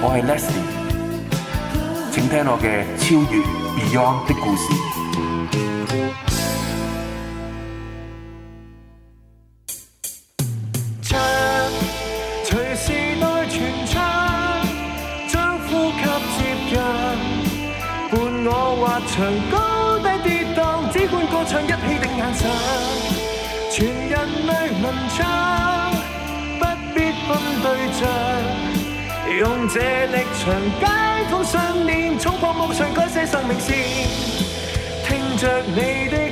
我係 Leslie，請聽我嘅超越 Beyond 的故事。唱， 隨時代傳唱，將呼吸接近，伴我滑翔高低跌宕，只管歌唱一起定眼神。用這立場，解封信念，衝破夢想，改寫生命線，聽着你的。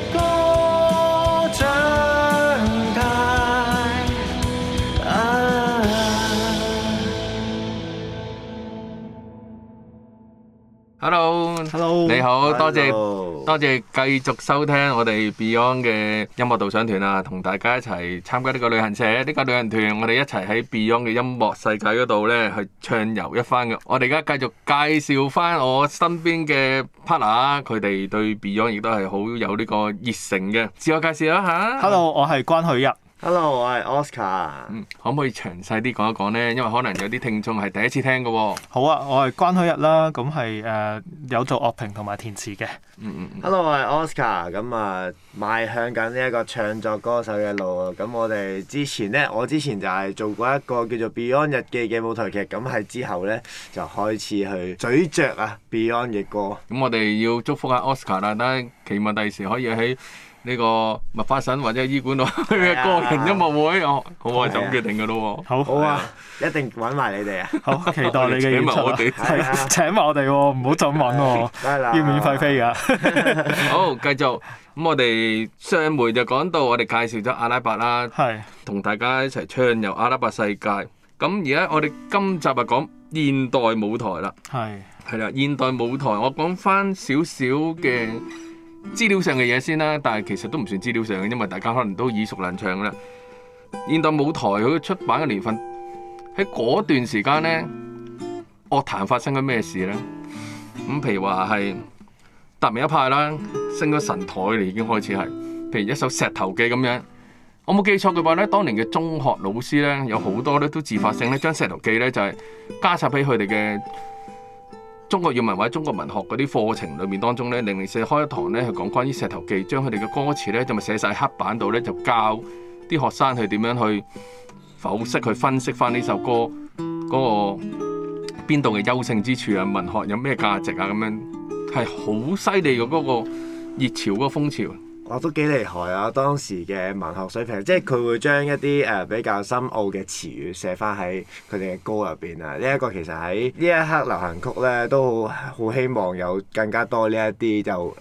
hello，hello 你好，hello，多謝 hello，多謝繼續收聽我哋 Beyond 嘅音樂導賞團啊，同大家一齊參加呢個旅行社，呢、呢個旅行團，我哋一齊喺 Beyond 嘅音樂世界嗰度咧去暢遊一番嘅。我哋而家繼續介紹翻我身邊嘅 partner，佢哋對 Beyond 亦都係好有呢個熱誠嘅。自我介紹啦嚇，hello，我係關許日。Hello，我係 Oscar。嗯，可唔可以詳細啲講一講咧？因為可能有啲聽眾係第一次聽嘅喎、哦。好啊，我係關開日啦，咁係誒有做樂評同埋填詞嘅、嗯。嗯嗯。Hello，我係 Oscar，咁啊邁向緊呢一個唱作歌手嘅路。咁我哋之前咧，我之前就係做過一個叫做 Beyond 日記嘅舞台劇。咁係之後咧就開始去咀嚼啊 Beyond 嘅歌。咁我哋要祝福下 Oscar 啦，但係期望第時可以喺呢個麥花臣或者醫館度個人音樂會哦，好耐就唔決定嘅咯喎。好，好啊，一定揾埋你哋啊！好，期待你嘅演出啊！請埋我哋，請埋我哋喎，唔好再唔揾喎，要免費飛㗎。好，繼續咁，我哋上回就講到我哋介紹咗阿拉伯啦，係同大家一齊暢遊阿拉伯世界。咁而家我哋今集就講現代舞台啦，係係啦，現代舞台我講翻少少嘅。資料上嘅嘢先啦，但係其實都唔算資料上嘅，因為大家可能都耳熟能詳啦。現代舞台佢出版嘅年份喺嗰段時間呢，樂壇發生咗咩事呢？咁、嗯、譬如話係達明一派啦，升咗神台嚟，已經開始係。譬如一首《石頭記》咁樣，我冇記錯嘅話呢，當年嘅中學老師呢，有好多呢都自發性呢，將《石頭記呢》呢就係、是、加插俾佢哋嘅。中國語文或者中國文學嗰啲課程裏面當中呢，零零四開一堂呢，係講關於《石頭記》，將佢哋嘅歌詞呢，就咪寫曬黑板度咧，就教啲學生去點樣去剖析去分析翻呢首歌嗰個邊度嘅優勝之處啊，文學有咩價值啊，咁樣係好犀利嘅嗰個熱潮嗰個風潮。我都幾厲害啊！當時嘅文學水平，即係佢會將一啲誒、呃、比較深奧嘅詞語寫翻喺佢哋嘅歌入邊啊！呢、這、一個其實喺呢一刻流行曲咧，都好希望有更加多、呃、呢一啲就誒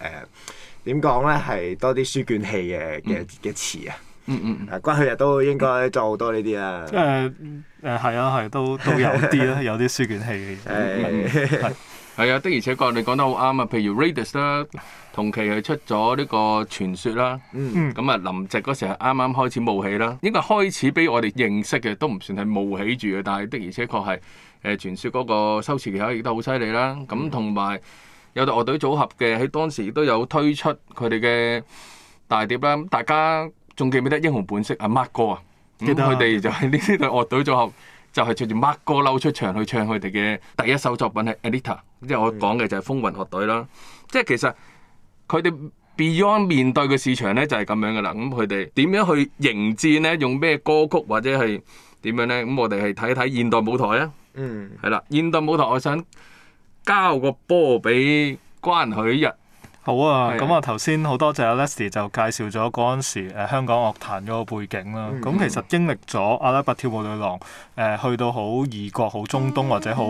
點講咧，係多啲書卷氣嘅嘅嘅詞啊、嗯！嗯嗯嗯，啊，關旭日都應該做好多呢啲啊！誒誒、 呃，係、呃、啊，係都都有啲啦，有啲書卷氣。誒。 係啊，的而且確你講得好啱啊！譬如 Raidas 啦，同期係出咗呢個傳説啦，咁啊、嗯、林夕嗰時係啱啱開始冒起啦，應該開始俾我哋認識嘅，都唔算係冒起住嘅，但係的而且確係誒傳説嗰個修詞技巧亦都好犀利啦。咁同埋有，有隊樂隊組合嘅喺當時都有推出佢哋嘅大碟啦。大家仲記唔記得英雄本色阿 Mark 哥啊，佢哋、嗯、得就係呢啲隊樂隊組合。就係隨住麥哥嬲出場去唱佢哋嘅第一首作品係 Alita 即係我講嘅就係風雲樂隊啦。即係其實佢哋 Beyond 面對嘅市場咧就係、是、咁樣噶啦。咁佢哋點樣去迎戰咧？用咩歌曲或者係點樣咧？咁、嗯、我哋係睇一睇現代舞台啊。嗯，係啦，現代舞台我想交個波俾關許日。好啊！咁啊的，頭先好多謝阿 Leslie 就介紹咗嗰陣時、呃、香港樂壇嗰個背景啦。咁、mm hmm. 其實經歷咗阿拉伯跳舞女郎誒、呃，去到好異國、好中東或者好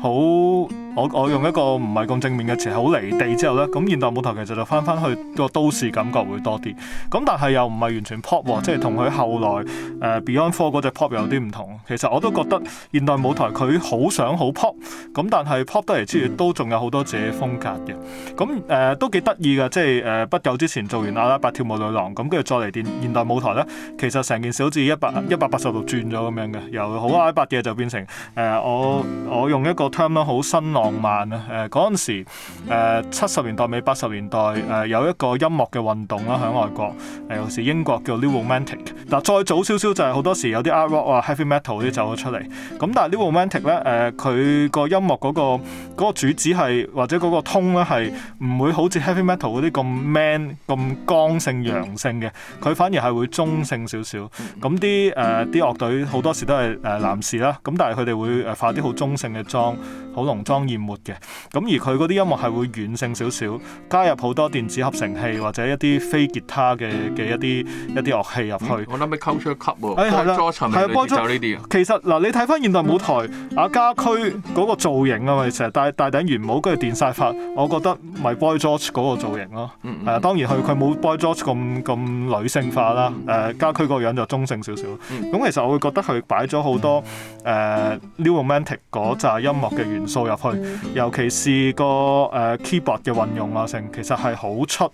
好，我我用一個唔係咁正面嘅詞，好離地之後咧，咁、嗯、現代舞台其實就返返去個都市感覺會多啲。咁、嗯、但係又唔係完全 pop，啊 mm hmm. 即係同佢後來誒、呃、Beyond Four 嗰隻 pop 有啲唔同。其實我都覺得現代舞台佢好想好 pop，咁、嗯、但係 pop 得嚟之餘、mm hmm. 都仲有好多自己風格嘅。咁、嗯、誒、呃呃、都。幾得意嘅，即係誒不久之前做完阿拉伯跳舞女郎，咁跟住再嚟電現代舞台咧。其實成件事好似一百一百八十度轉咗咁樣嘅，由好阿拉伯嘅就變成誒、呃、我我用一個 term 啦，好新浪漫啊誒陣時誒七十年代尾八十年代誒、呃、有一個音樂嘅運動啦響外國誒尤其英國叫 New Romantic，嗱再早少少就係好多時有啲 Rock 啊 Heavy Metal 啲走咗出嚟，咁但係 New Romantic 咧誒佢，呃、個音樂、嗰個、嗰個主旨係或者個個通咧係唔會好似。Heavy metal 嗰啲咁 man 咁剛性陽性嘅，佢反而係會中性少少。咁啲誒啲樂隊好多時都係誒男士啦。咁但係佢哋會誒化啲好中性嘅妝，好濃妝豔抹嘅。咁而佢嗰啲音樂係會軟性少少，加入好多電子合成器或者一啲非吉他嘅嘅一啲一啲樂器入去。我諗咪 Culture Club 喎，Boy George 咪會接走呢啲。其實嗱，你睇翻現代舞台阿家駒嗰個造型啊嘛，成日戴戴頂圓帽跟住電曬發，我覺得咪 Boy George。嗰個造型咯、啊，係、呃、啊，當然佢佢冇 Boy George 咁咁女性化啦，誒、呃，家駒個樣就中性少少。咁其實我會覺得佢擺咗好多誒、呃、New Romantic 嗰紮音樂嘅元素入去，尤其是個誒、呃、keyboard 嘅運用啊成，成其實係好出，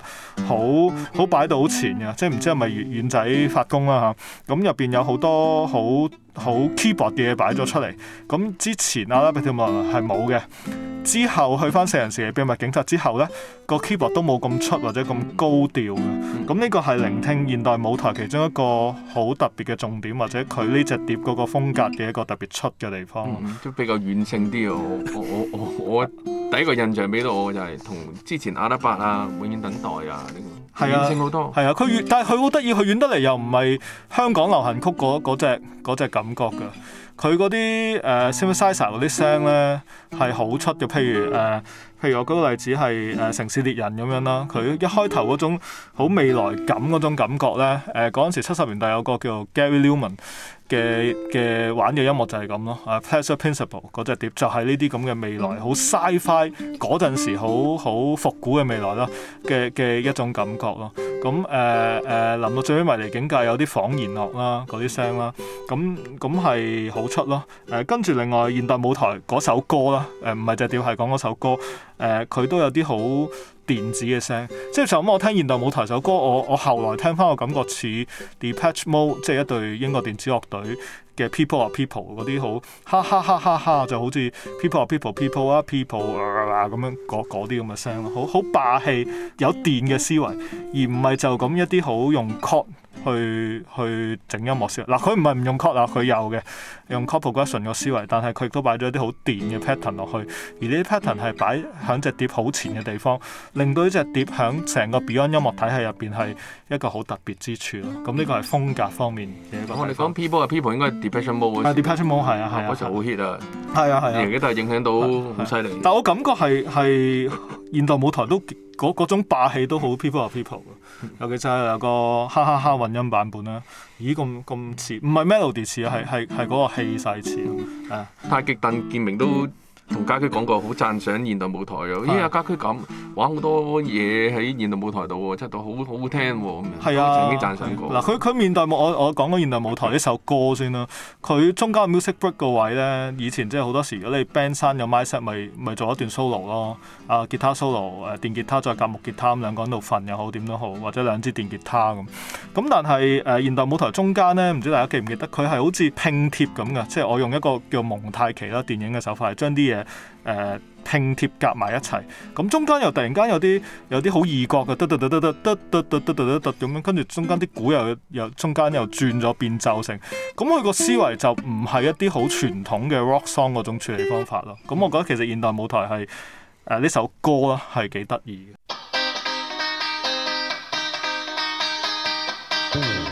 好好擺到好前嘅，即係唔知係咪遠，遠仔發功啦嚇。咁入邊有好多好。好 keyboard 嘅嘢擺咗出嚟，咁之前阿拉伯跳舞係冇嘅，之後去翻四人時嘅秘密警察之後咧，個 keyboard 都冇咁出或者咁高調嘅，咁呢個係聆聽現代舞台其中一個好特別嘅重點，或者佢呢隻碟嗰個風格嘅一個特別出嘅地方，都、嗯、比較遠勝啲啊！我我我我第一個印象俾到我就係同之前阿拉伯啊，永遠等待啊。這個係啊，係啊，佢但係佢好得意，佢遠得嚟又唔係香港流行曲嗰嗰隻隻感覺㗎。佢嗰啲誒 sunglasser 嗰啲聲咧係好出嘅，譬如誒。呃 譬如我舉個例子係誒《城市獵人》咁樣啦，佢一開頭嗰種好未來感嗰種感覺咧，誒嗰陣時七十年代有個叫做 Gary Numan 嘅嘅玩嘅音樂就係咁咯，誒《Pleasure Principle》嗰隻碟就係呢啲咁嘅未來好 sci-fi 嗰陣時好好復古嘅未來咯嘅嘅一種感覺咯。咁誒誒臨到最尾迷離境界有啲仿現代樂啦嗰啲聲啦，咁咁係好出咯。誒跟住另外現代舞台嗰首歌啦，誒唔係隻碟係講嗰首歌。誒佢、呃、都有啲好電子嘅聲，即係就咁我聽現代舞台首歌，我我後來聽翻我感覺似 Depeche Mode 即係一隊英國電子樂隊嘅 People are People 嗰啲好，哈哈哈哈哈就好似 people, people People People are People 啊，咁、啊、樣嗰啲咁嘅聲，好好霸氣，有電嘅思維，而唔係就咁一啲好用 code 去去整音樂先嗱，佢唔係唔用 chord 啊，佢有嘅，用 chord progression 嘅思維，但係佢亦都擺咗一啲好電嘅 pattern 落去，而呢啲 pattern 係擺喺隻碟好前嘅地方，令到呢隻碟喺成個 Beyond 音樂體系入邊係一個好特別之處咯。咁呢個係風格方面。我哋講 People 嘅 People 應該係 Depression Ball 嗰時。係 Depression Ball 啊，係啊，嗰時好 hit 啊，係啊係啊，而家都係影響到好犀利。但我感覺係係現代舞台都。嗰嗰種霸氣都好 people 啊 people，尤其是係有個哈哈哈混音版本啦。咦咁咁似，唔係 melody 似啊，係係係嗰個氣勢似、嗯、啊，太極鄧建明都。同家駒講過好讚賞現代舞台喎，咦的、哎、家駒咁玩好多嘢喺現代舞台度喎，出到好好聽喎、啊，曾、啊、經讚賞過。嗱佢佢面對我我講緊現代舞台呢首歌先啦，佢中間 music break 個位咧，以前即係好多時如果你 band 山有 mic set 咪咪做一段 solo 咯，啊吉他 solo 誒電吉他再夾木吉他兩個人喺度瞓又好點都好，或者兩支電吉他咁。咁但係誒現代舞台中間咧，唔知大家記唔記得佢係好似拼貼咁嘅，即係我用一個叫蒙太奇啦電影嘅手法，將啲嘢。誒拼、呃、貼夾埋一齊，咁中間又突然間有啲有啲好異國嘅，得得得得得得得得得得得咁樣，跟住中間啲鼓又又中間又轉咗變奏性，咁佢個思維就唔係一啲好傳統嘅 rock song 嗰種處理方法咯。咁我覺得其實現代舞台係誒呢首歌啦，係幾得意嘅。 hey.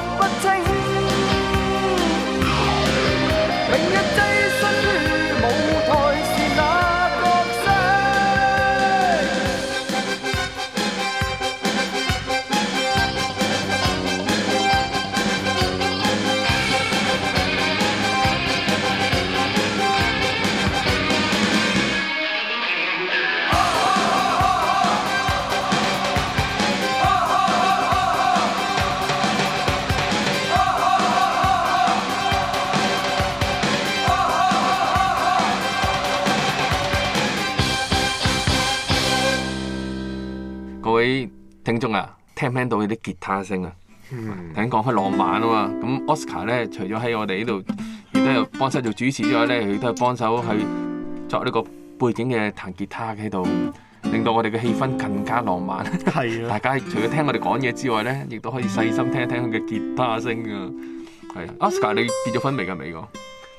正啊，聽唔聽到佢啲吉他聲啊？頭先講開浪漫啊嘛，咁 Oscar 咧，除咗喺我哋呢度亦都有幫手做主持之外咧，佢都係幫手去作呢個背景嘅彈吉他喺度，令到我哋嘅氣氛更加浪漫。係啊，大家除咗聽我哋講嘢之外咧，亦都可以細心聽一聽佢嘅吉他聲啊。係 ，Oscar 你結咗婚未啊？未講。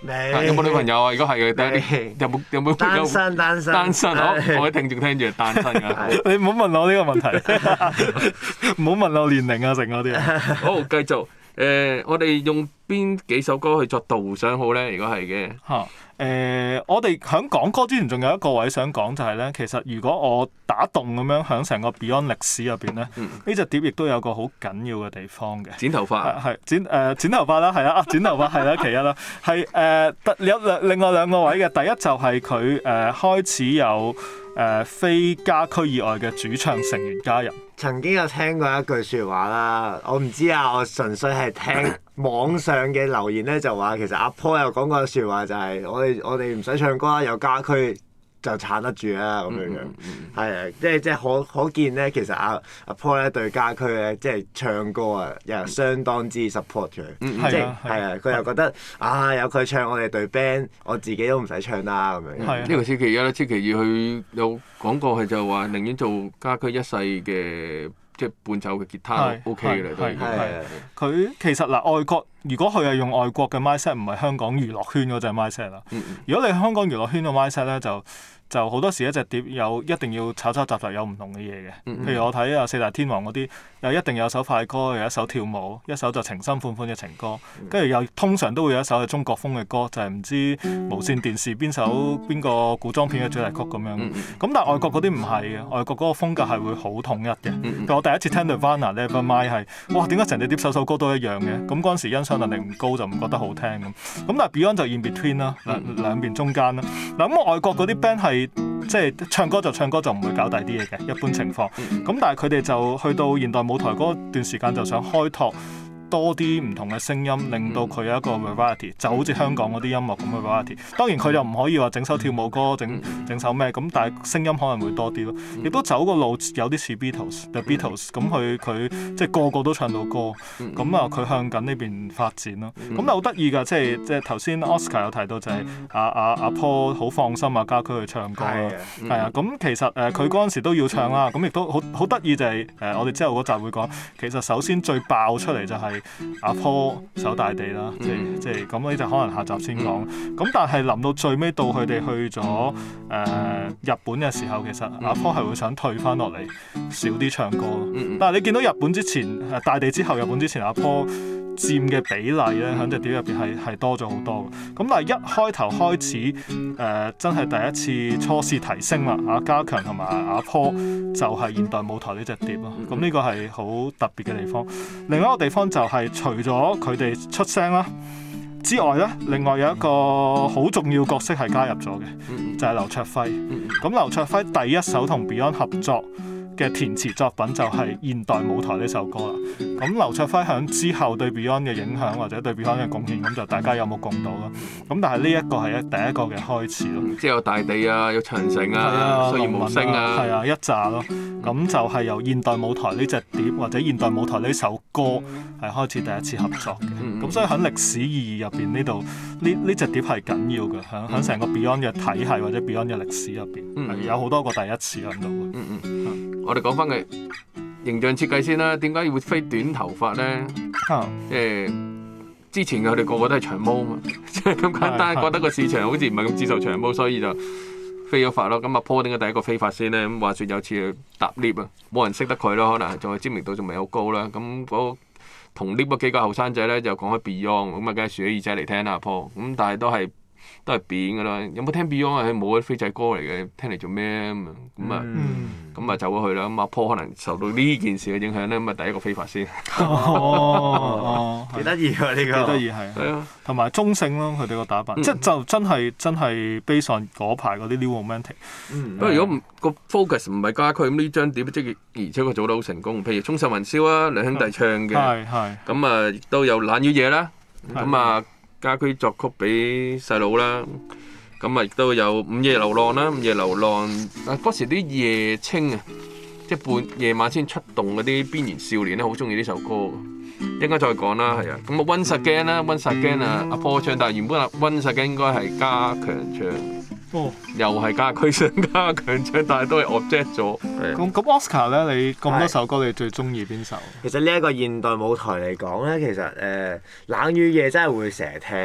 你有冇女朋友啊？如果係嘅你，有冇有冇？有冇朋友？單身，單身。我啲聽眾聽住係單身㗎。你唔好問我呢個問題，唔好 問我年齡啊，成嗰啲啊。 好，繼續。誒、呃，我哋用邊幾首歌去作導賞好咧？如果係嘅，誒、呃，我哋響講歌之前，仲有一個位想講就係咧，其實如果我打動咁樣喺成個 Beyond 歷史入邊咧，呢隻、嗯、碟亦都有個好緊要嘅地方嘅、啊呃。剪頭髮係剪誒剪頭髮啦，係啦 啊剪頭髮係啦，其一啦，係誒有兩另外兩個位嘅，第一就係佢誒開始有誒、呃、非家駒以外嘅主唱成員加入。曾經有聽過一句説話啦，我唔知啊，我純粹係聽。 網上嘅留言咧就話，其實阿 Paul 又講過説話，就係、是、我哋我哋唔使唱歌啦，有家駒就撐得住啦」嗯嗯嗯嗯嗯。咁樣樣，係啊，即係即係可可見咧，其實阿阿 Paul 咧對家駒咧，即、就、係、是、唱歌啊，又相當之 support 佢，即係係啊，佢又覺得的啊有佢唱，我哋隊 band 我自己都唔使唱啦咁樣。呢個星期一、家咧的，星期二佢有講過，佢就話寧願做家駒一世嘅。即係伴奏嘅吉他 O K 嘅咧，都係佢其實嗱，外國。如果佢係用外國嘅 mindset，唔係香港娛樂圈嗰隻 mindset 啦。嗯嗯，如果你香港娛樂圈嘅 mindset 咧，就～就好多時一隻碟有一定要炒炒雜雜有唔同嘅嘢嘅，譬如我睇啊四大天王嗰啲又一定有一首快歌，有一首跳舞，一首就情深款款嘅情歌，跟住又通常都會有一首係中國風嘅歌，就係、是、唔知無線電視邊首邊個古裝片嘅主題曲咁樣。咁但係外國嗰啲唔係嘅，外國嗰個風格係會好統一嘅。我第一次聽到 Nirvana Nevermind 係，哇點解成隻碟首首歌都一樣嘅？咁嗰陣時欣賞能力唔高就唔覺得好聽咁。咁但係 Beyond 就 In Between 啦，兩、嗯、兩邊中間啦。嗱咁外國啲 band 係。即係唱歌就唱歌就唔會搞第啲嘢嘅一般情況咁，嗯，但係佢哋就去到現代舞台嗰段時間，就想開拓。多啲唔同嘅聲音，令到佢有一個 variety，就好似香港嗰啲音樂咁嘅 variety。當然佢又唔可以話整首跳舞歌，整整首咩咁，但係聲音可能會多啲咯。亦都走個路有啲似 Be Beatles，就 Beatles 咁，佢佢即係個個都唱到歌，咁啊佢向緊呢邊發展咯。咁但係好得意㗎，即係即係頭先 Oscar 有提到就係阿阿阿 Paul 好放心啊，家駒去唱歌啦，係啊。咁其實誒佢嗰陣時都要唱啦，咁亦都好好得意就係、是、誒、呃、我哋之後嗰集會講，其實首先最爆出嚟就係、是。阿坡守大地啦，即、mm hmm. 即係咁呢就可能下集先講。咁、mm hmm. 但係臨到最尾到佢哋去咗誒、呃、日本嘅時候，其實、mm hmm. 阿坡係會想退翻落嚟少啲唱歌。Mm hmm. 但係你見到日本之前，大地之後日本之前，阿坡。佔嘅比例咧喺隻碟入邊係係多咗好多嘅。咁但係一開頭開始誒、呃、真係第一次初試提升啦嚇，家強同埋阿 Paul 就係現代舞台呢隻碟咯，咁呢個係好特別嘅地方。另外一個地方就係、是、除咗佢哋出聲啦之外咧，另外有一個好重要角色係加入咗嘅，嗯、就係劉卓輝。咁、嗯嗯、劉卓輝第一首同 Beyond 合作。嘅填詞作品就係現代舞台呢首歌啦。咁劉卓輝響之後對 Beyond 嘅影響或者對 Beyond 嘅貢獻，咁就大家有目共睹咯。咁但係呢一個係第一個嘅開始咯。即係有大地啊，有長城啊，歲月無聲啊，係啊，啊一紮咯。咁、嗯、就係由現代舞台呢隻碟或者現代舞台呢首歌係開始第一次合作嘅。咁、嗯嗯、所以喺歷史意義入邊呢度呢呢隻碟係緊要嘅。喺喺成個 Beyond 嘅體系或者 Beyond 嘅歷史入邊，嗯嗯有好多個第一次喺度。嗯我哋講翻佢形象設計先啦，點解要飛短頭髮咧？即、嗯呃、之前佢哋個個都係長毛啊嘛，咁、嗯、 簡單覺得個市場好似唔係咁接受長毛，所以就飛咗髮咯。咁阿 Paul 點解第一個飛髮先咧？咁話説有次搭 lift 啊，冇人識得佢咯，可能仲係知名度仲未好高啦。咁嗰同 lift 嗰幾個後生仔咧就講開 Beyond，咁啊梗係豎起耳仔嚟聽啦，Paul。咁但係都係。都係扁噶啦，有冇聽 Beyond 啊？冇啊，飛仔歌嚟嘅，聽嚟做咩啊？咁啊，咁啊，走咗去啦。咁阿 Paul 可能受到呢件事嘅影響咧，咁啊，第一個飛法先，幾得意㗎呢個，幾得意係。係啊，同埋中性咯，佢哋個打扮，即就真係真係 Beyond 嗰排嗰啲 New Romantic。嗯，不過如果個 focus 唔係家駒，咁呢張碟即？而且佢做得好成功，譬如《沖上雲霄》啊，兩兄弟唱嘅，咁啊都有《冷雨夜》啦，咁啊。家駒作曲俾細佬啦，咁啊亦都有《午夜流浪》啦，《午夜流浪》啊，嗰 時啲夜青啊，即係半夜晚先出動嗰啲邊緣少年咧，好中意呢首歌，應該再講啦，係啊，咁啊《温莎 game》啦，《温莎 game》啊，阿 p 唱，但係原本話《温莎 game》應該係加強唱。哦、又係家駒想加強唱，但係都係 object 咗。咁 Oscar 咧，你咁多首歌，對 你最中意邊首？其實呢一個現代舞台嚟講咧，其實誒、呃《冷雨夜》真係會成日聽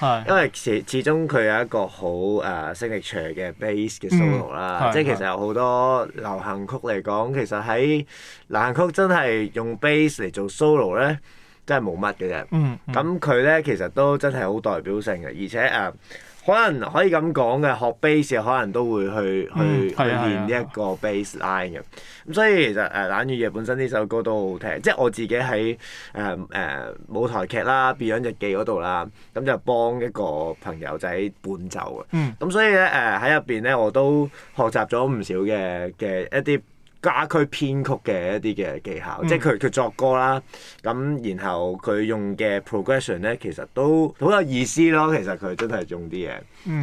嘅，因為始始終佢有一個好誒 signature 嘅 bass 嘅 solo 啦。是的 即係其實有好多流行曲嚟講，其實喺流行曲真係用 bass 嚟做 solo 咧，真係冇乜嘅啫。嗯，咁佢咧其實都真係好代表性嘅，而且誒。啊啊啊啊啊啊啊可能可以咁講嘅，學 bass 可能都會去去、嗯、去練呢一個 bass line 嘅。咁、嗯啊、所以其實誒、呃《冷雨夜》本身呢首歌都好好聽，即係我自己喺誒誒舞台劇啦《Beyond 日記》嗰度啦，咁就幫一個朋友仔伴奏嘅。咁、嗯嗯、所以咧誒喺入邊咧我都學習咗唔少嘅嘅一啲家駒編曲嘅一啲嘅技巧，即係佢佢作歌啦，咁然後佢用嘅 progression 咧，其實都好有意思咯。其實佢真係用啲嘢，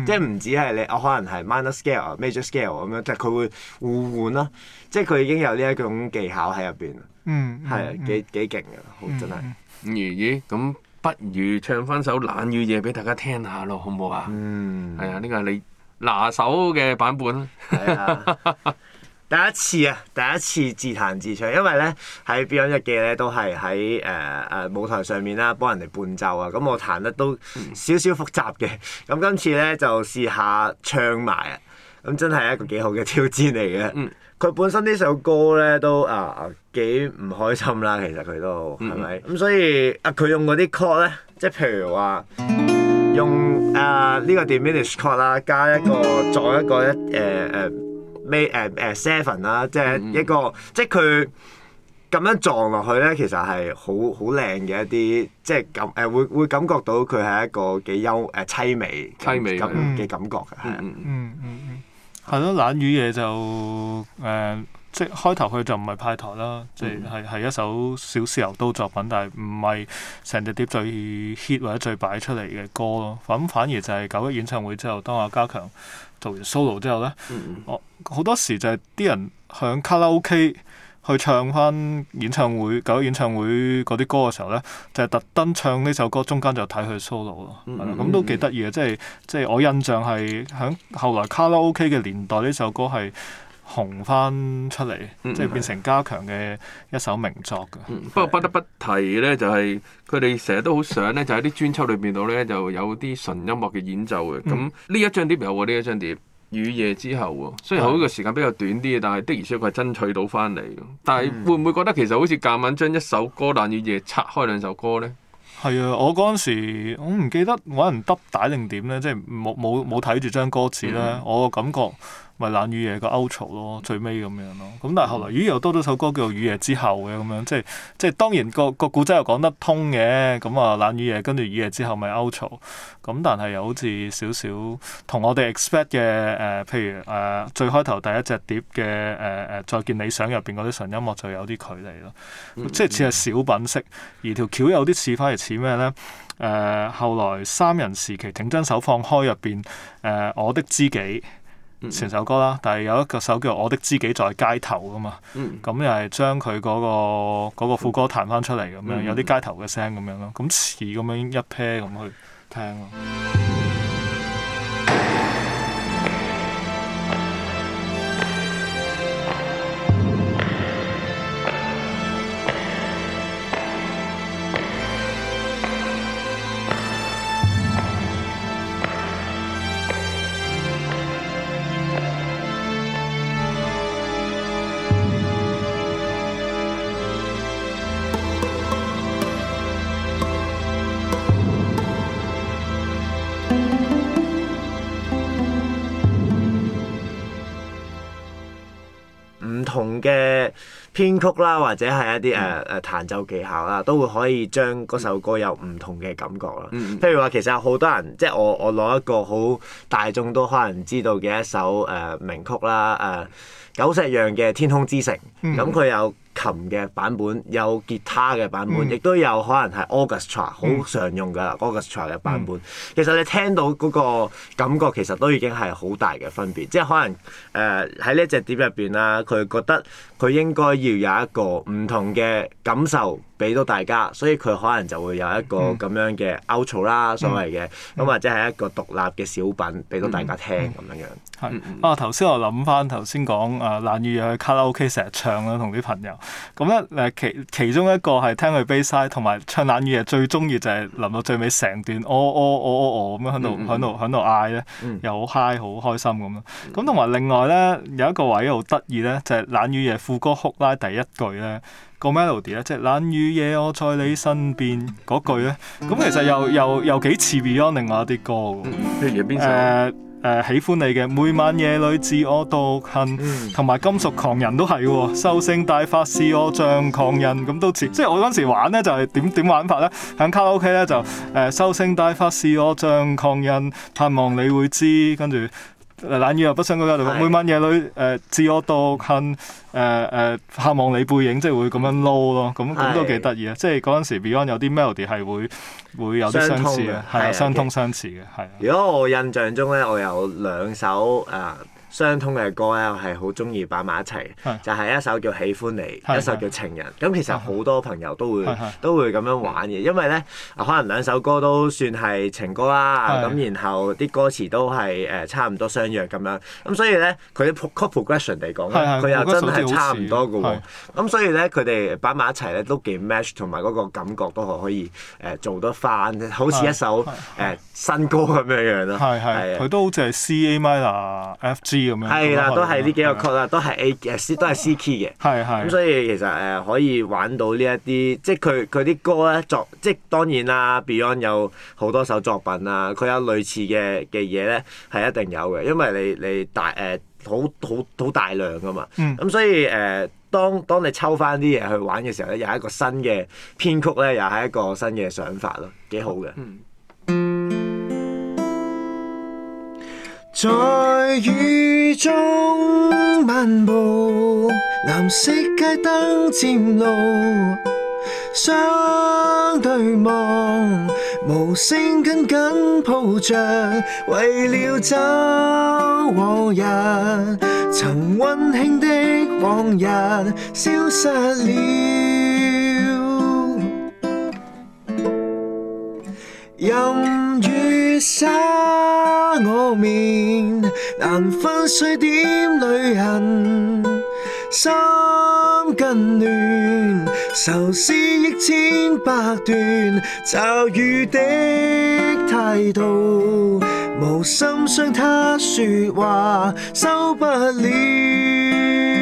即係唔止係你，我可能係 minor scale、major scale 咁樣，即係佢會互換咯。即係佢已經有呢一種技巧喺入邊，係幾幾勁㗎，好真係。咦咦咁，不如唱翻首《冷雨夜》俾大家聽下咯，好唔好啊？嗯，係啊，呢個係你拿手嘅版本。第一次啊，第一次自彈自唱，因為咧喺 Beyond 日記咧都係喺誒誒舞台上面啦，幫人哋伴奏啊，咁我彈得都少少複雜嘅，咁、嗯嗯、今次咧就試下唱埋啊，咁、嗯、真係一個幾好嘅挑戰嚟嘅。佢、嗯、本身呢首歌咧都啊幾唔開心啦，其實佢都係咪？咁、嗯嗯、所以啊，佢、uh, 用嗰啲 chord 咧，即係譬如話用誒呢、uh, 個 diminish chord 啦，加一個作一個一誒誒，未誒誒 seven 啦，即係一個即係佢咁樣撞落去咧，其實係好好靚嘅一啲，即係感誒會會感覺到佢係一個幾優誒悽美、呃、悽美咁嘅感覺嘅，係嗯嗯嗯，係咯，冷雨夜就誒、呃、即係開頭佢就唔係派台啦，即係係係一首小試牛刀作品，但係唔係成隻碟最 hit 或者最擺出嚟嘅歌咯，咁反、反而就係九一演唱會之後當阿家強。做完 solo 之後咧，我好、mm hmm. 哦、多時就係啲人響卡拉 OK 去唱翻演唱會、搞演唱會嗰啲歌嘅時候咧，就係、係、特登唱呢首歌，中間就睇佢 solo 咯。咁、mm hmm. 都幾得意嘅，即係即係我印象係響後來卡拉 OK 嘅年代，呢首歌係。紅翻出嚟，即係變成加強嘅一首名作㗎、嗯的嗯。不過不得不提咧、就係，就係佢哋成日都好想咧，就喺啲專輯裏邊度咧，就有啲純音樂嘅演奏嘅。咁呢、嗯、一張碟有喎，呢一張碟雨夜之後喎。雖然好個時間比較短啲，的但係的而且佢係爭取到翻嚟。但係會唔會覺得其實好似夾硬將一首歌《冷雨夜》拆開兩首歌咧？係啊，我嗰陣時我唔記得我人揼打定點咧，即係冇冇冇睇住張歌詞咧，嗯、我感覺。咪冷雨夜個 outro 咯，最尾咁樣咯。咁但係後來，雨夜、嗯、又多咗首歌叫雨夜之後嘅咁樣，即係即係當然個個古仔又講得通嘅。咁啊，冷雨夜跟住雨夜之後咪 outro。咁但係又好似少少同我哋 expect 嘅誒、呃，譬如誒、呃、最開頭第一隻碟嘅誒誒再見理想入邊嗰啲純音樂就有啲距離咯。嗯、即係似係小品式，而條橋有啲似翻嚟似咩咧？誒、呃、後來三人時期請將手放開入邊誒我的知己。成首歌啦，但係有一首叫《我的知己在街頭》噶嘛，咁又係將佢嗰個嗰個副歌彈翻出嚟咁樣、嗯、有啲街頭嘅聲，咁樣咯，咁似咁樣一 pair 咁去聽咯。編曲啦，或者係一啲誒誒彈奏技巧啦，都會可以將嗰首歌有唔同嘅感覺咯。嗯、譬如話，其實有好多人，即係我我攞一個好大眾都可能知道嘅一首誒、呃、名曲啦，誒、呃、久石讓嘅《天空之城》，咁佢、嗯、有琴嘅版本有吉他嘅版本，亦都有可能係 orchestra 好常用噶啦，orchestra 嘅版本。其實你聽到嗰個感覺其實都已經係好大嘅分別，即係可能誒喺呢隻碟入邊啦，佢覺得佢應該要有一個唔同嘅感受俾到大家，所以佢可能就會有一個咁樣嘅 outro 啦，所謂嘅咁或者係一個獨立嘅小品俾到大家聽咁樣樣。係啊，頭先我諗翻頭先講啊，難預約卡拉 OK 成日唱啦，同啲朋友。咁咧，誒其其中一個係聽佢 bass line 同埋唱冷雨夜最中意就係臨到最尾成段，「哦哦哦哦哦」咁樣喺度喺度喺度嗌咧，又好嗨，好開心咁咯。咁同埋另外咧有一個位好得意咧，就係、是、冷雨夜副歌哭拉第一句咧、個 melody 咧，即、就、係、是、冷雨夜我在你身邊嗰句咧，咁其實又又又幾似 Beyond 另外一啲歌嘅，mm hmm. uh, 誒、呃、喜歡你嘅每晚夜裏自我獨行，同埋、嗯、金屬狂人都係嘅喎。修聲大法是我像狂人，咁都似，即係我嗰陣時玩呢，就係點點玩法呢？喺卡拉 OK 呢，就誒修聲大法是我像狂人，盼望你會知，跟住。冷雨又不想告嘅地方，的每晚夜裏誒、呃、自我多恨誒誒，盼、呃呃、望你背影，即、就、係、是、會咁樣撈咯。咁咁的都幾得意啊！即係嗰陣時 Beyond 有啲 melody 係會會有啲相似嘅，係相通相似嘅。係 okay. 的。如果我印象中咧，我有兩首啊。Uh, 相通嘅歌咧，我係好中意擺埋一齊，就係一首叫《喜歡你》，一首叫《情人》。咁其實好多朋友都會都會咁樣玩嘅，因為咧可能兩首歌都算係情歌啦，咁然後啲歌詞都係誒差唔多相若咁樣，咁所以咧佢啲 progression 嚟講，佢又真係差唔多嘅喎。咁所以咧佢哋擺埋一齊咧都幾 match，同埋個感覺都係可以誒做得翻，好似一首誒新歌咁樣樣咯。係係，佢都好似係 C A minor F G。係啦，都係呢幾個曲啦，都係 A、S 都係是的 C, C key 嘅。係係的。咁、嗯、所以其實誒、呃、可以玩到呢一啲，即係佢佢啲歌咧作，即係當然啦。Beyond 有好多首作品啦、啊，佢有類似嘅嘅嘢咧係一定有嘅，因為你你大誒好好好大量㗎嘛。咁、嗯嗯、所以誒、呃，當當你抽返啲嘢去玩嘅時候咧，又係一個新嘅編曲咧，又係一個新嘅想法咯，幾好嘅。嗯在雨中漫步，藍色街燈漸露，相對望，無聲緊緊抱着，為了找往日，曾温馨的往日消失了。沙我面，難分水點淚痕，心更亂，愁思憶千百段。驟雨的態度，無心傷他說話，收不了。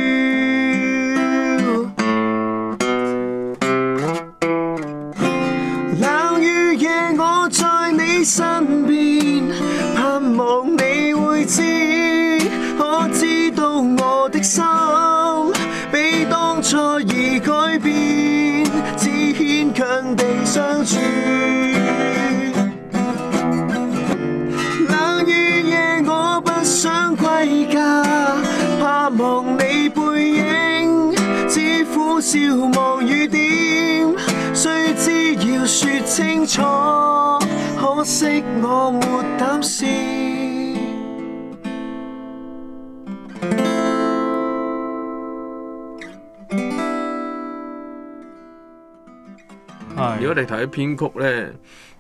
我哋睇編曲咧，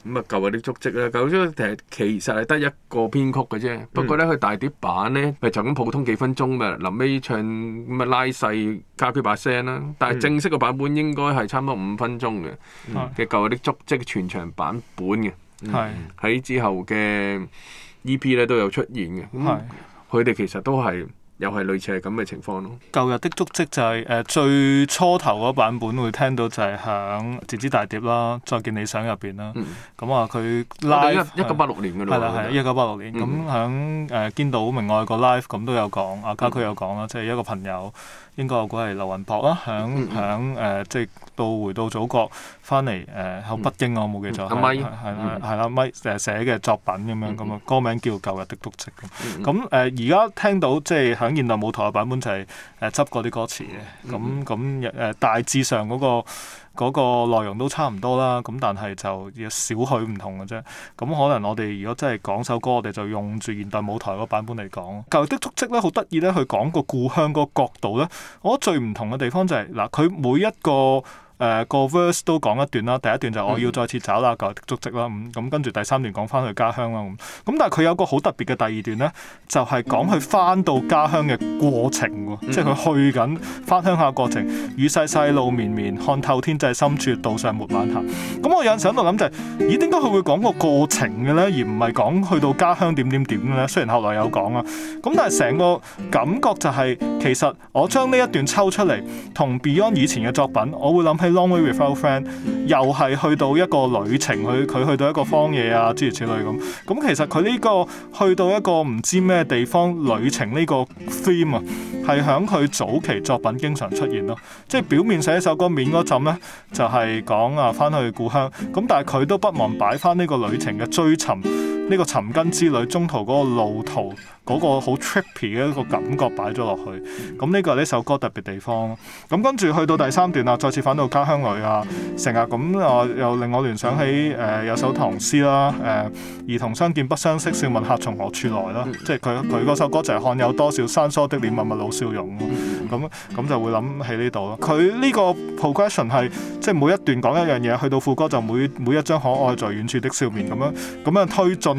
咁啊舊日啲足跡啦，舊日啲足跡其實係得一個編曲嘅啫。不過咧，佢大碟版咧，咪就咁、是、普通幾分鐘嘅。臨尾唱咁啊拉細加佢把聲啦。但係正式嘅版本應該係差唔多五分鐘嘅，嘅、嗯、的舊日啲足跡全長版本嘅，喺之後嘅 E P 咧都有出現嘅。咁佢哋其實都係。又係類似係咁嘅情況咯。舊日的足跡就係誒最初頭嗰版本會聽到就係響《自資大碟》啦，《再見理想》入邊啦。咁啊，佢 live 一九八六年嘅咯。係啦，係一九八六年。咁響誒堅道明愛個 live 咁都有講，阿家駒有講啦，即係一個朋友。應該我估係劉雲博啦，響響誒，即係到回到祖國翻嚟誒，響、呃、北京、嗯、我冇記錯，係咪？係啦，咪誒、嗯、寫嘅作品咁樣咁啊，歌名叫《舊日的足跡》咁。咁而家聽到即係響現代舞台嘅版本就係、是、誒、呃、執嗰啲歌詞嘅，咁咁誒大致上嗰、那個。嗰個內容都差唔多啦，咁但係就有少許唔同嘅啫。咁可能我哋如果真係講首歌，我哋就用住現代舞台嗰版本嚟講。舊日的足跡咧，好得意咧，去講個故鄉個角度咧，我覺得最唔同嘅地方就係，嗱，佢每一個。誒、呃那個 verse 都講一段啦，第一段就我、是哦、要再次找啦個足跡啦，咁咁跟住第三段講翻去家鄉啦，咁、嗯、咁但係佢有個好特別嘅第二段呢，就係、是、講佢翻到家鄉嘅過程喎，哦嗯嗯、即係佢去緊翻鄉下過程，雨細細路綿綿，看透天際深處，道上沒晚霞。咁、嗯嗯、我有陣時喺度諗就係、是，咦，點解佢會講個過程嘅呢，而唔係講去到家鄉點點點嘅咧。雖然後來有講啊，咁、嗯、但係成個感覺就係、是、其實我將呢一段抽出嚟，同 Beyond 以前嘅作品，我會諗起。Long Way Without Friend 又係去到一個旅程，佢佢去到一個荒野啊，諸如此類咁。咁其實佢呢個去到一個唔知咩地方旅程呢個 theme 啊，係喺佢早期作品經常出現咯。即係表面寫一首歌面嗰陣咧，就係講啊翻去故鄉。咁但係佢都不忘擺翻呢個旅程嘅追尋。呢個尋根之旅中途個路途，嗰個好 trippy 嘅一個感覺擺咗落去，咁呢個係呢首歌特別地方。咁跟住去到第三段啊，再次返到家鄉裏啊，成日咁啊又令我聯想起誒、呃、有首唐詩啦，誒、呃、兒童相見不相識，笑問客從何處來啦，即係佢佢首歌就係看有多少生疏的臉默默露笑容。咁咁就會諗起呢度咯。佢呢個 progression 係即係每一段講一樣嘢，去到副歌就每每一張可愛在遠處的笑面咁樣咁樣推進。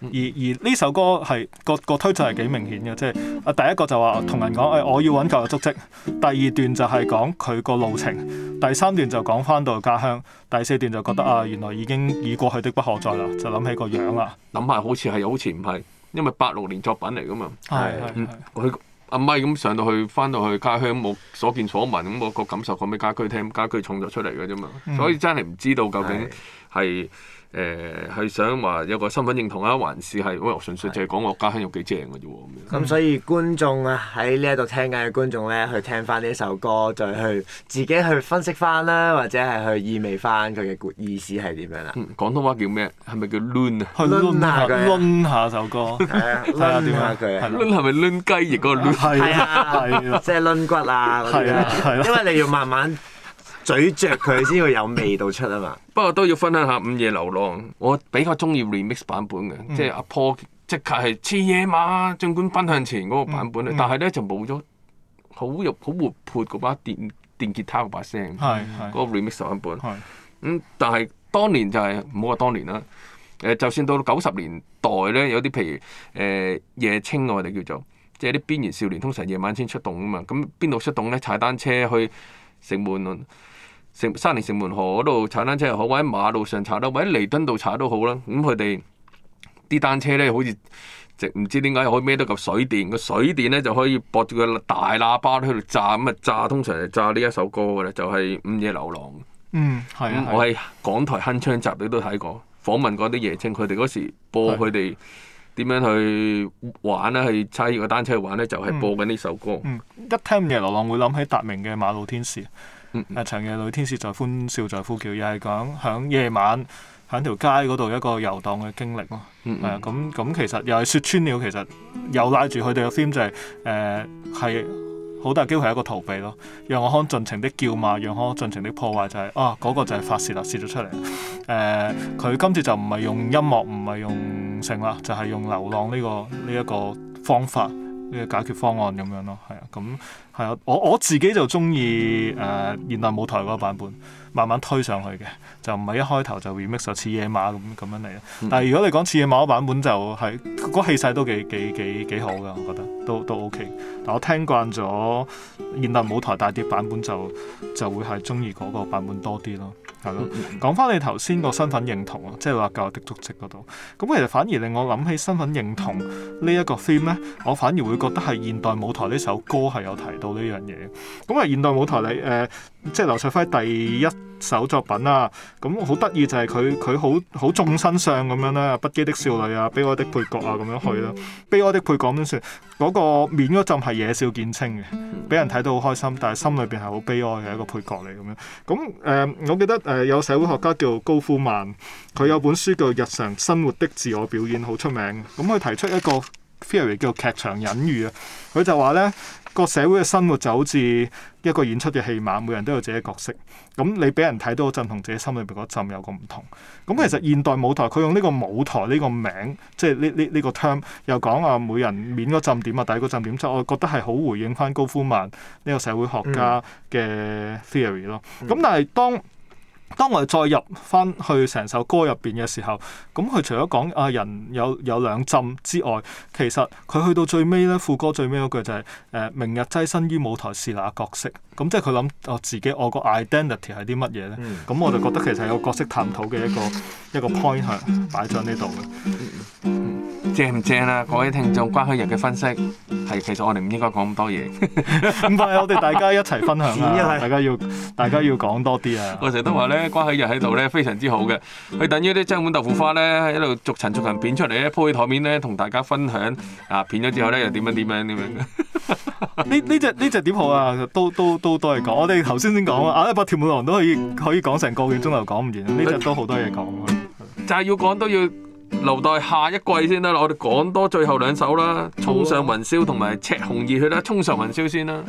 而而呢首歌係個個推進係幾明顯嘅，即係啊第一個就話同人講，誒、嗯哎、我要揾舊嘅足跡；第二段就係講佢個路程；第三段就講翻到家鄉；第四段就覺得啊原來已經已過去的不可再啦，就諗起個樣啦。諗下好似係，好似唔係，因為八六年作品嚟噶嘛。係係係佢阿咪咁上到去，翻到去家鄉，冇所見所聞，咁我個感受講俾家居聽，家居重咗出嚟嘅啫嘛。嗯、所以真係唔知道究竟係是。誒係想話有個身份認同啦，還是係喂我純粹淨係講我家鄉有幾正嘅啫喎咁。咁所以觀眾啊，喺呢一度聽緊嘅觀眾咧，去聽翻呢首歌，再去自己去分析翻啦，或者係去意味翻佢嘅意思係點樣啦。廣東話叫咩？係咪叫攣啊？攣下佢。攣下首歌。係啊。睇下點啊佢。攣係咪攣雞翼嗰個攣？係啊。即係攣骨啊，因為你要慢慢。嘴嚼佢先會有味道出啊嘛！ 不過都要分享下《午夜流浪》，我比較中意 remix 版本嘅，嗯、即係阿破即刻係黐夜馬儘管奔向前嗰個版本、嗯嗯、但係咧就冇咗好有好活潑嗰把電電吉他嗰把聲，嗰個 remix 版本。咁、嗯、但係當年就係唔好話當年啦，誒就算到九十年代咧，有啲譬如誒、呃、夜青我、哦、哋叫做，即係啲邊緣少年通常，常夜晚先出動噶嘛，咁邊度出動咧？踩單車去城門山凌城門河嗰度踩單車又好，喺馬路上踩都，喺彌敦道踩都好啦。咁佢哋啲單車咧，好似唔知點解可以孭得嚿水電，個水電咧就可以駁住個大喇叭喺度炸，咁啊炸通常就炸呢一首歌嘅啦，就係《午夜流浪》。嗯，係啊。嗯、我喺港台鏗鏘集你都睇過，訪問嗰啲夜青，佢哋嗰時播佢哋點樣去玩咧，啊、去踩個單車去玩咧，就係、是、播緊呢首歌。嗯嗯、一聽《午夜流浪》會諗起達明嘅《馬路天使》。啊、呃、長夜裡天使在歡笑在呼叫，又係講喺夜晚喺條街嗰度一個遊蕩嘅經歷咯。誒，咁咁其實又係説穿了，其實又拉住佢哋嘅 theme 就係誒係好大機會係一個逃避咯。讓我可盡情的叫罵，讓我可盡情的破壞，就是，就係啊嗰、啊那個就係發泄啦，泄咗出嚟。誒、啊，佢今次就唔係用音樂，唔係用性啦，就係、是、用流浪呢、這個呢一、這個方法。呢個解決方案咁樣咯，係啊，咁係啊，我我自己就中意誒現代舞台嗰個版本。慢慢推上去嘅，就唔係一開頭就 remix 就似野馬咁咁樣嚟，但係如果你講似野馬嘅版本，就是，就係嗰氣勢都幾幾幾幾好嘅，我覺得都都 OK。但我聽慣咗現代舞台大碟版本就，就就會係中意嗰個版本多啲咯，係咯。 講翻你頭先個身份認同啊，即係話舊日的足跡嗰度。咁其實反而令我諗起身份認同呢一個 theme 咧，我反而會覺得係現代舞台呢首歌係有提到呢樣嘢。咁啊，現代舞台你誒。呃即係劉卓輝第一首作品啊！咁好得意就係佢佢好好眾生相咁樣啦，《不羈的少女》啊，《悲哀的配角》啊咁樣去咯，《悲哀的配角》點算？嗰、那個面嗰陣係野笑見青嘅，俾人睇到好開心，但係心裏邊係好悲哀嘅一個配角嚟咁樣。咁、嗯、誒、呃，我記得誒、呃、有社會學家叫高夫曼，佢有本書叫《日常生活的自我表演》好出名。咁、嗯、佢提出一個 theory 叫做劇場隱喻啊，佢就話咧。個社會嘅生活就好似一個演出嘅戲碼，每人都有自己嘅角色。咁你俾人睇到嗰陣同自己心裏邊嗰陣有個唔同。咁其實現代舞台佢用呢個舞台呢個名，即係呢呢呢個 term，又講啊，每人面嗰陣點啊，第二個陣點，即係我覺得係好回應翻高夫曼呢個社會學家嘅 theory 咯。咁、嗯嗯、但係當當我哋再入翻去成首歌入邊嘅時候，咁佢除咗講啊人有有兩浸之外，其實佢去到最尾咧，副歌最尾嗰句就係、是、誒、呃、明日躋身於舞台是哪角色？咁即係佢諗我自己我個 identity 係啲乜嘢咧？咁、嗯、我就覺得其實有角色探討嘅一個、嗯、一個 point 喺擺在呢度嘅。嗯正唔正啦，啊？各位聽眾，關曉日嘅分析係其實我哋唔應該講咁多嘢，唔 係我哋大家一齊分享，大家要大家要講多啲啊！ 我成日都話咧，關曉日喺度咧非常之好嘅，佢等於啲將碗豆腐花咧喺度逐層逐層片出嚟，鋪喺台面咧同大家分享啊！片咗之後咧又點樣點樣點樣 ？呢呢隻呢隻點好啊？都都都都係講，我哋頭先先講啊！阿伯條冇龍都可以可以講成個幾鐘頭講唔完，呢隻都好多嘢講，就係要講都要。留待下一季先得啦，我哋講多最後兩首啦，《沖上雲霄》同埋《赤紅熱血》啦，《沖上雲霄》先啦。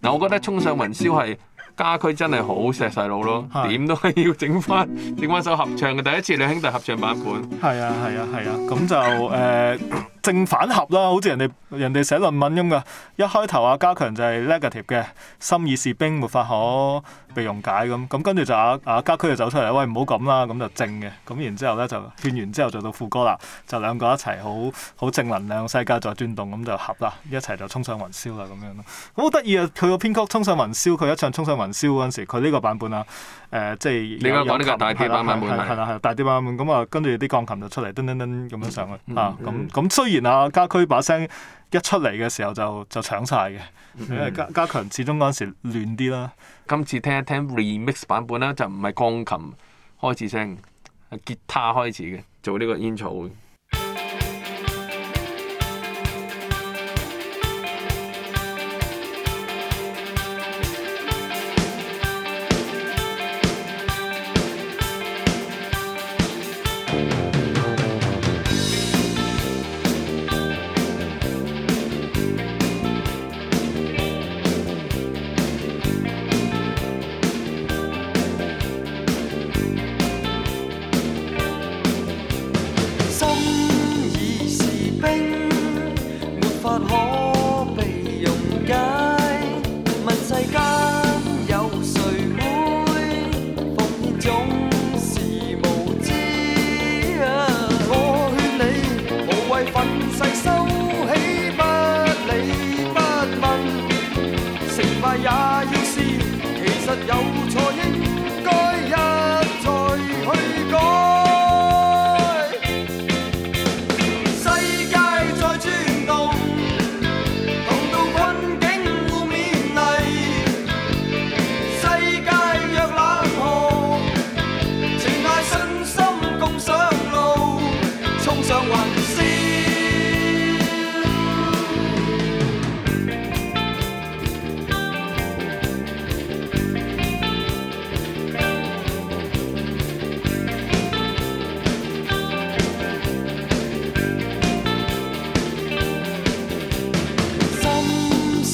嗱，我覺得《沖上雲霄》係家駒真係好錫細路咯，點是都係要整翻整翻首合唱嘅，第一次兩兄弟合唱版本。係啊，係啊，係啊。咁就誒。呃正反合啦，好似人哋人哋寫論文咁嘅。一開頭啊，家強就係 negative 嘅，心已是冰沒法可被溶解咁。咁跟住就啊啊家駒就走出嚟，喂唔好咁啦，咁就正嘅。咁然之後咧就勸完之後就到副歌啦，就兩個一齊好好正能量世界在轉動咁就合啦，一齊就衝上雲霄啦咁樣咯。好得意啊！佢個編曲《衝上雲霄》，佢一唱《衝上雲霄》嗰陣時，佢呢個版本啊，誒即係你講呢個大碟版本係啦係啦大碟版本咁啊，跟住啲鋼琴就出嚟噔噔噔咁樣上去啊咁咁雖。然啊家駒把聲一出嚟嘅時候就就搶晒嘅，嗯、因為家家強始終陣時亂啲啦。嗯嗯、今次聽一聽 remix 版本咧，就唔係鋼琴開始聲，係吉他開始嘅，做呢個 intro。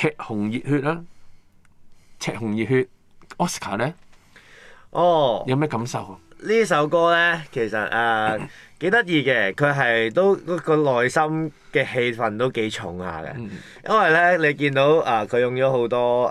赤紅熱血啦、啊，赤紅熱血，Oscar 咧，哦，oh，你有咩感受？呢首歌咧，其實誒幾得意嘅，佢、呃、係都個內心嘅氣氛都幾重下嘅，因為咧你見到誒佢、呃、用咗好多誒誒、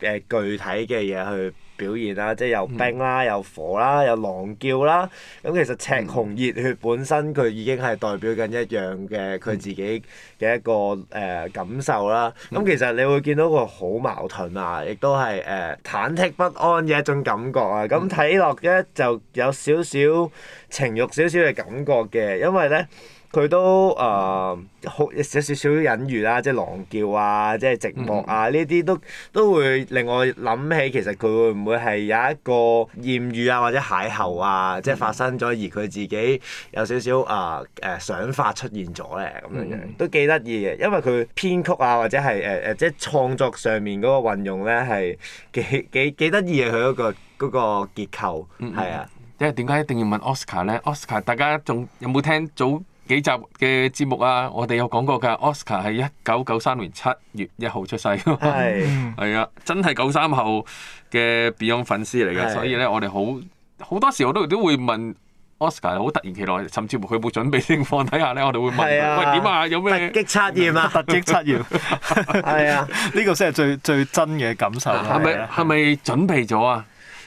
呃、具體嘅嘢去。表現啦，即係、嗯、有冰啦，有火啦，有狼叫啦。咁、嗯、其實赤紅熱血本身，佢已經係代表緊一樣嘅佢自己嘅一個誒、嗯呃、感受啦。咁、嗯、其實你會見到佢好矛盾啊，亦都係誒忐忑不安嘅一種感覺啊。咁睇落咧就有少少情慾少少嘅感覺嘅，因為咧。佢都誒好、呃、有少少隱喻啦，即係狼叫啊，即係寂寞啊，呢啲、嗯、都都會令我諗起其實佢會唔會係有一個艷遇啊，或者邂逅啊，即係發生咗而佢自己有少少啊誒、呃呃、想法出現咗咧咁樣樣，都幾得意嘅，因為佢編曲啊或者係誒誒即係創作上面嗰個運用咧係幾幾幾得意嘅佢嗰個嗰、嗰個結構係、嗯、啊，即係點解一定要問 Oscar 咧？Oscar 大家仲有冇聽早？幾集嘅節目啊，我哋有講過㗎。Oscar 係一九九三年七月一號出世，係係啊，真係九三後嘅 Beyond 粉絲嚟嘅，所以咧我哋好好多時我都都會問 Oscar，好突然其來，甚至乎佢冇準備情況底下咧我哋會問，喂，點啊，有咩突擊測驗啊？突擊測驗係啊，呢個先係最最真嘅感受啦。係咪係咪準備咗啊？準備咗《哦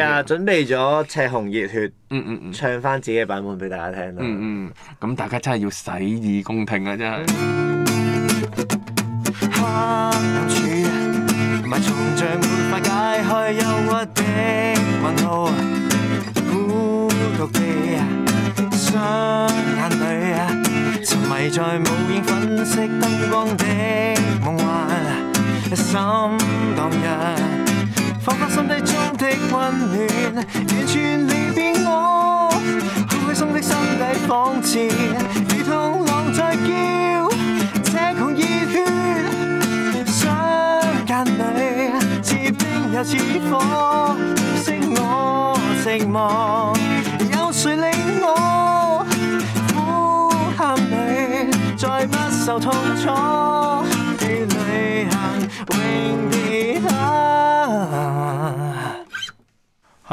啊、準備赤紅熱血》，嗯嗯嗯，唱翻自己嘅版本俾大家聽啦。嗯嗯，咁、嗯、大家真係要洗耳恭聽啊！真係。黑暗處，迷蟲像沒法解開憂鬱的問號，孤獨地雙眼裏，沉迷在舞影粉飾燈光的夢幻，心蕩漾。彷彿心底中的温暖完全離別我，洶湧的心底仿似如同浪在叫，赤狂熱血，雙眼裏似冰又似火，掩我寂寞，有誰令我呼喊你，再不受痛楚與淚痕。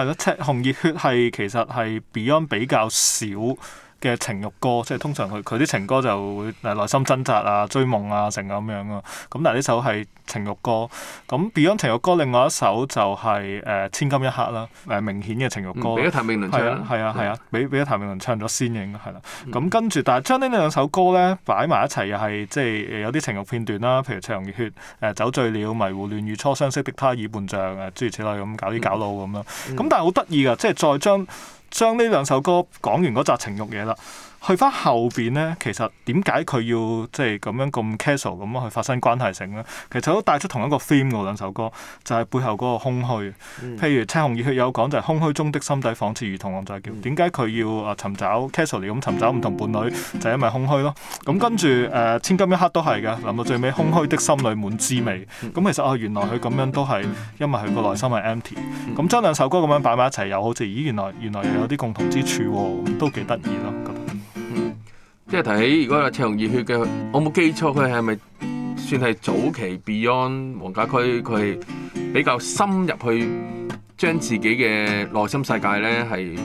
係咯，赤紅熱血係其實係 Beyond 比較少嘅情慾歌，即係通常佢佢啲情歌就會誒內心掙扎啊、追夢啊成咁樣咯。咁但係呢首係情慾歌。咁 Beyond 情慾歌另外一首就係誒千金一刻啦，誒明顯嘅情慾歌。俾阿譚詠麟唱，係啊係啊俾俾阿譚詠麟唱咗《仙影》係啦。咁跟住，但係將呢兩首歌咧擺埋一齊，又係即係有啲情慾片段啦，譬如《赤紅熱血》誒酒醉了迷糊亂與初相識的他耳畔唱誒諸如此類咁搞啲搞腦咁咯。咁但係好得意㗎，即係再將將呢兩首歌講完嗰集情慾嘢啦。去翻後邊咧，其實點解佢要即係咁樣咁 casual 咁樣去發生關係性咧？其實都帶出同一個 theme 嘅兩首歌，就係、是、背後嗰個空虛。嗯、譬如《青紅熱血》有講就係空虛中的心底，仿似如同狼在叫。點解佢要啊尋找 casual 嚟咁尋找唔同伴侶？就係、是、因為空虛咯。咁跟住誒《千金一刻》都係嘅，諗到最尾空虛的心裏滿滋味。咁、嗯、其實啊，原來佢咁樣都係因為佢個內心係 empty、嗯。咁將、嗯、兩首歌咁樣擺埋一齊，又好似咦原來原來又有啲共同之處，都幾得意咯。即係提起如果有赤紅熱血嘅，我冇記錯佢係咪算係早期 Beyond 黃家駒，佢係比較深入去將自己嘅內心世界咧係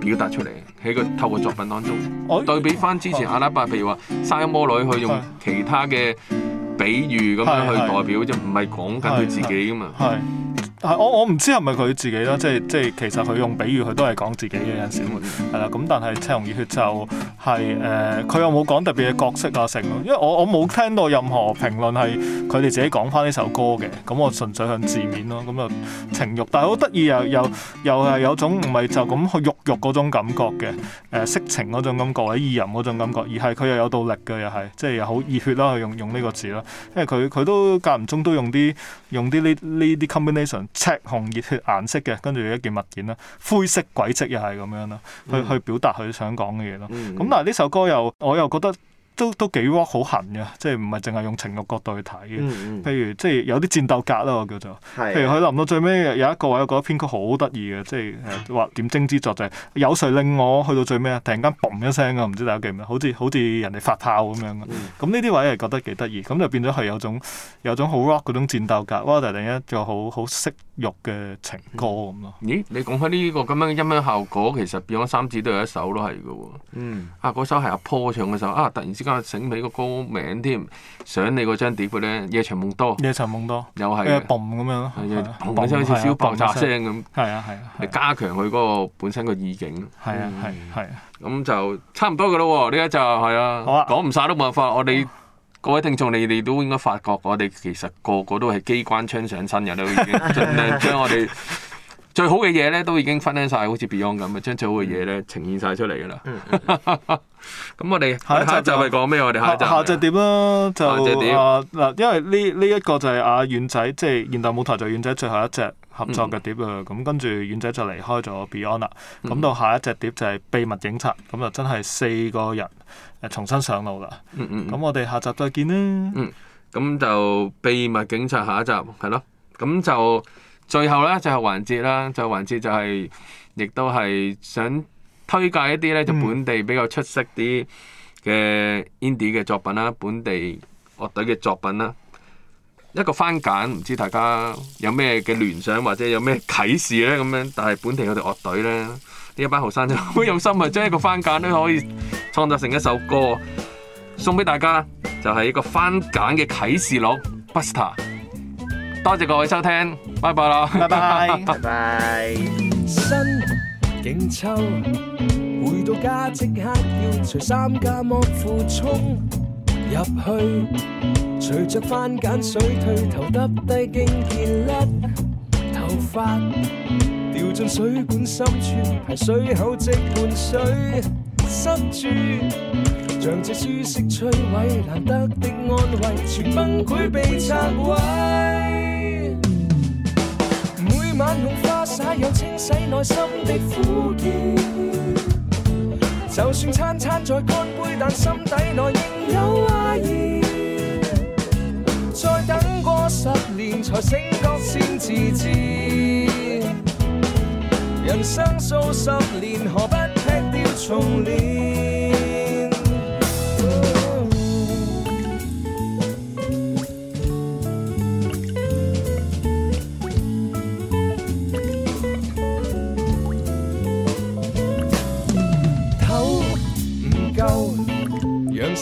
表達出嚟喺個透過作品當中、哦、對比翻之前阿拉伯，譬如話《沙丘魔女》去用其他嘅比喻咁樣去代表，就唔係講緊佢自己噶嘛？我我唔知係咪佢自己咯，即係即係其實佢用比喻佢都係講自己嘅有陣時會，係啦。咁但係《赤紅熱血、就係》就係誒，佢、呃、有冇講特別嘅角色啊？成咯，因為我我冇聽到任何評論係佢哋自己講返呢首歌嘅。咁我純粹向字面咯。咁啊情慾，但係好得意又又又係有種唔係就咁去慾慾嗰種感覺嘅誒、呃，色情嗰種感覺，意淫嗰種感覺，而係佢又有道力嘅，又係即係又好熱血啦，用用呢個字啦。因為佢佢都間唔中都用啲用啲呢呢啲 combination。赤紅熱血，顏色嘅，跟住一件物件啦，灰色軌跡又係咁樣啦，去去表達佢想講嘅嘢咯。咁、mm hmm. 但係呢首歌又，我又覺得。都都幾 rock 好痕嘅，即係唔係淨係用情慾角度去睇嘅。嗯、譬如即係有啲戰鬥格啦，我叫做。的譬如佢臨到最尾有一個位，我覺得編曲好得意嘅，即係誒話點睛之作就係、是、有誰令我去到最尾，啊？突然間嘣一聲嘅，唔知大家記唔記得？好似好似人哋發炮咁樣嘅。咁呢啲位係覺得幾得意，咁就變咗係有種有種好 rock 嗰種戰鬥格，哇！突然間仲有好好色肉嘅情歌咁咯、嗯。咦？你講返呢個咁樣音響效果，其實變咗三子都有一首都係嘅喎。嗯、啊！嗰首係阿 Paul 唱嘅首啊！突然之。而家醒起個歌名添，想你嗰張碟嘅咧，《夜長夢多》。夜長夢多。又係。跟咁樣咯。係啊！嘣聲好似小爆炸聲咁。係啊係啊。嚟加強佢嗰個本身個意境。係啊係。係啊。咁就差唔多㗎啦喎，呢一就係啊，講唔晒都冇辦法。我哋各位聽眾，你哋都應該發覺，我哋其實個個都係機關槍上身㗎啦，已經盡量將我哋。最好嘅嘢咧，都已經分享晒，好似 Beyond 咁，將最好嘅嘢咧呈現晒出嚟噶啦。咁、嗯、 我哋下集就係講咩？我哋下集下集點啦，就嗱、啊，因為呢呢一個就係阿遠仔，即、就、係、是、現代舞台就遠仔最後一隻合作嘅碟啊。咁、嗯、跟住遠仔就離開咗 Beyond 啦。咁、嗯、到下一隻碟就係秘密警察，咁啊真係四個人誒重新上路啦。咁、嗯嗯、我哋下集再見啦。嗯，咁就秘密警察下一集係咯，咁就。最後咧就係環節啦，就環節就係，亦都係想推介一啲咧就本地比較出色啲嘅 indie 嘅作品啦，本地樂隊嘅作品啦。一個番簡唔知大家有咩嘅聯想或者有咩啟示咧咁樣，但係本地嗰隊樂隊咧呢一班後生真好有心啊，將一個番簡都可以創作成一首歌，送俾大家就係一個番簡嘅啟示錄。Buster。多謝，謝各位收聽，拜拜咯，拜拜，拜拜。 新景秋今晚用花灑又清洗內心的苦澀，就算餐餐在乾杯，但心底內仍有愛意。再等過十年才醒覺，先自治人生數十年，何不劈掉重練？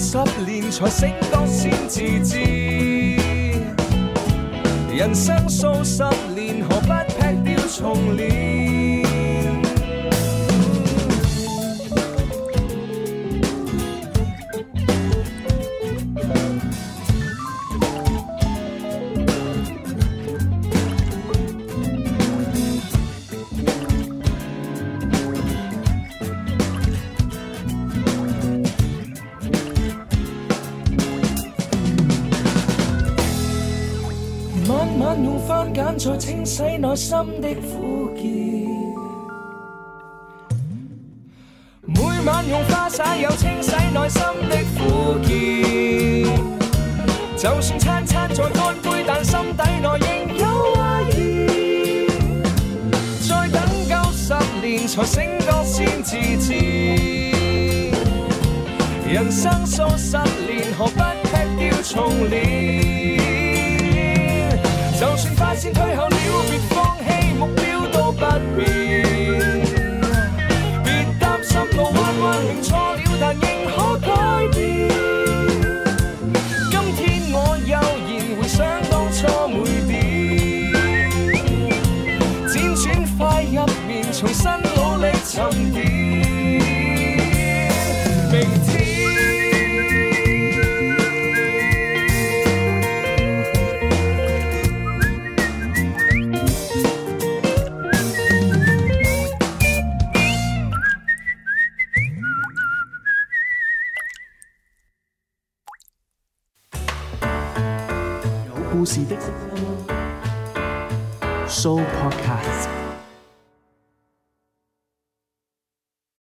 十年才醒覺先自知，人生數十年，何不劈掉重練？清洗內心的苦澀，每晚用花灑又清洗內心的苦澀。就算餐餐再乾杯，但心底內仍有懷疑。再等夠十年才醒覺先自知，人生數十年，何不踢掉重練？